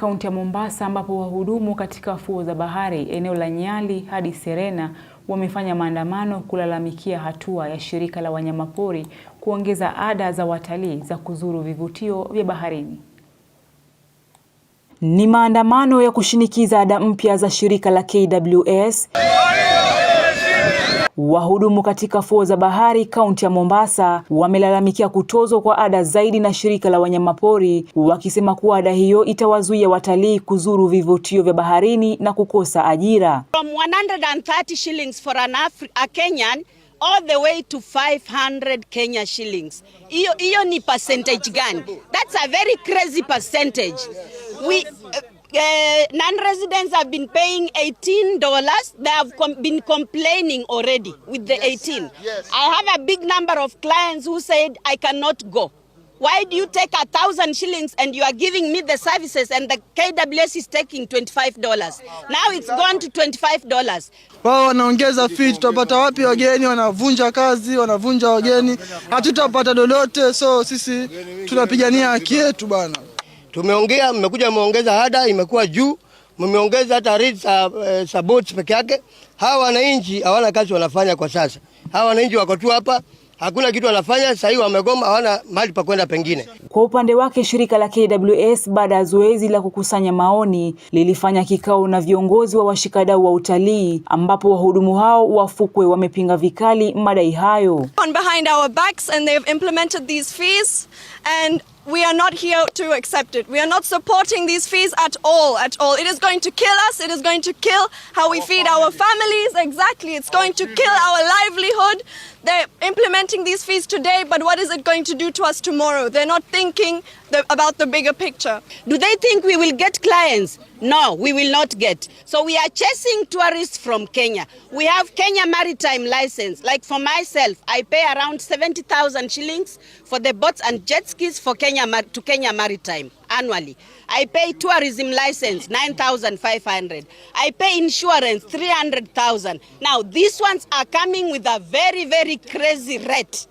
Kaunti ya Mombasa ambapo wahudumu katika fuo za bahari eneo la Nyali hadi Serena wamefanya maandamano kulalamikia hatua ya shirika la wanyamapori kuongeza ada za watalii za kuzuru vivutio vya baharini. Ni maandamano ya kushinikiza ada mpya za shirika la KWS Wahudumu katika fuo za bahari kaunti ya Mombasa wamelalamikia kutozwa kwa ada zaidi na shirika la wanyamapori, wakisema kuwa ada hiyo itawazuia watalii kuzuru vivutio vya baharini na kukosa ajira. From 130 shillings for an Afri a Kenyan all the way to 500 Kenya shillings. Hiyo hiyo ni percentage gani? That's a very crazy percentage. We, uh, Uh, non-residents have been paying $18. They have com been complaining already with the yes, 18. Yes. I have a big number of clients who said, I cannot go. Why do you take a thousand shillings and you are giving me the services and the KWS is taking $25? Now it's gone to $25. Wao wanaongeza fee, tutapata wapi wageni? Wanavunja kazi, wanavunja wageni, hatutapata lolote. So sisi tunapigania haki yetu bana. Tumeongea, mmekuja mmeongeza ada imekuwa juu, mmeongeza hata rate za za eh, boats peke yake. Hawa wananchi hawana kazi wanafanya kwa sasa. Hawa wananchi wako tu hapa hakuna kitu wanafanya hivi, wamegoma, hawana mahali pa kwenda pengine. Kwa upande wake, shirika la KWS baada ya zoezi la kukusanya maoni lilifanya kikao na viongozi wa washikadau wa utalii, ambapo wahudumu hao wa fukwe wamepinga vikali madai hayo. On behind our backs and they've implemented these fees and We are not here to accept it. We are not supporting these fees at all, at all. It is going to kill us. It is going to kill how we feed our families. Exactly. It's going to kill our livelihood. They're implementing these fees today, but what is it going to do to us tomorrow? They're not thinking the, about the bigger picture. Do they think we will get clients? No, we will not get. So we are chasing tourists from Kenya. We have Kenya maritime license. Like for myself, I pay around 70,000 shillings for the boats and jet skis for Kenya to Kenya maritime annually. I pay tourism license 9,500. I pay insurance 300,000. Now these ones are coming with a very, very crazy rate.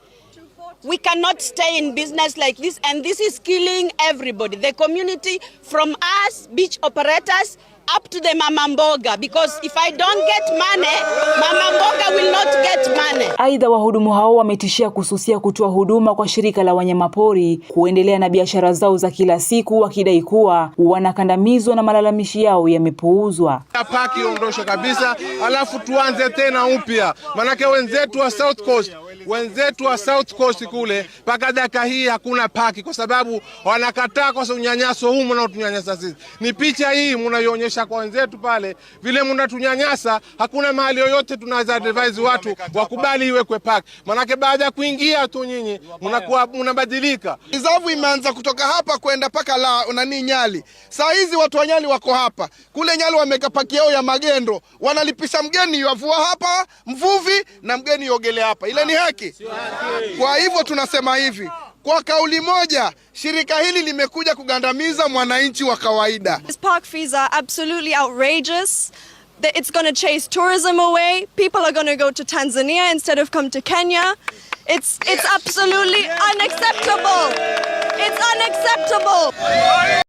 We cannot stay in business like this, and this is killing everybody the community, from us, beach operators, up to the mama mboga because if I don't get money, mama mboga will not get money. Aidha, wahudumu hao wametishia kususia kutoa huduma kwa shirika la wanyamapori kuendelea na biashara zao za kila siku, wakidai kuwa wanakandamizwa na malalamishi yao yamepuuzwa. Paki iondoshe kabisa, alafu tuanze tena upya, manake wenzetu wa South Coast wenzetu wa South Coast kule mpaka dakika hii hakuna paki, kwa sababu wanakataa kwa unyanyaso huu mnaotunyanyasa sisi. Ni picha hii mnaionyesha maisha kwa wenzetu pale, vile mnatunyanyasa. Hakuna mahali yoyote tunaweza advise watu wakubali iwekwe park, manake baada ya kuingia tu nyinyi mnakuwa mnabadilika. Izavu imeanza kutoka hapa kwenda paka la nani Nyali. Saa hizi watu wa Nyali wako hapa, kule Nyali wameka paki yao ya magendo, wanalipisha mgeni wavua hapa, mvuvi na mgeni yogelea hapa, ile ni haki? Kwa hivyo tunasema hivi kwa kauli moja, shirika hili limekuja kugandamiza mwananchi wa kawaida. These park fees are absolutely outrageous. It's going to chase tourism away. People are going to go to Tanzania instead of come to Kenya. It's, it's absolutely unacceptable. It's unacceptable.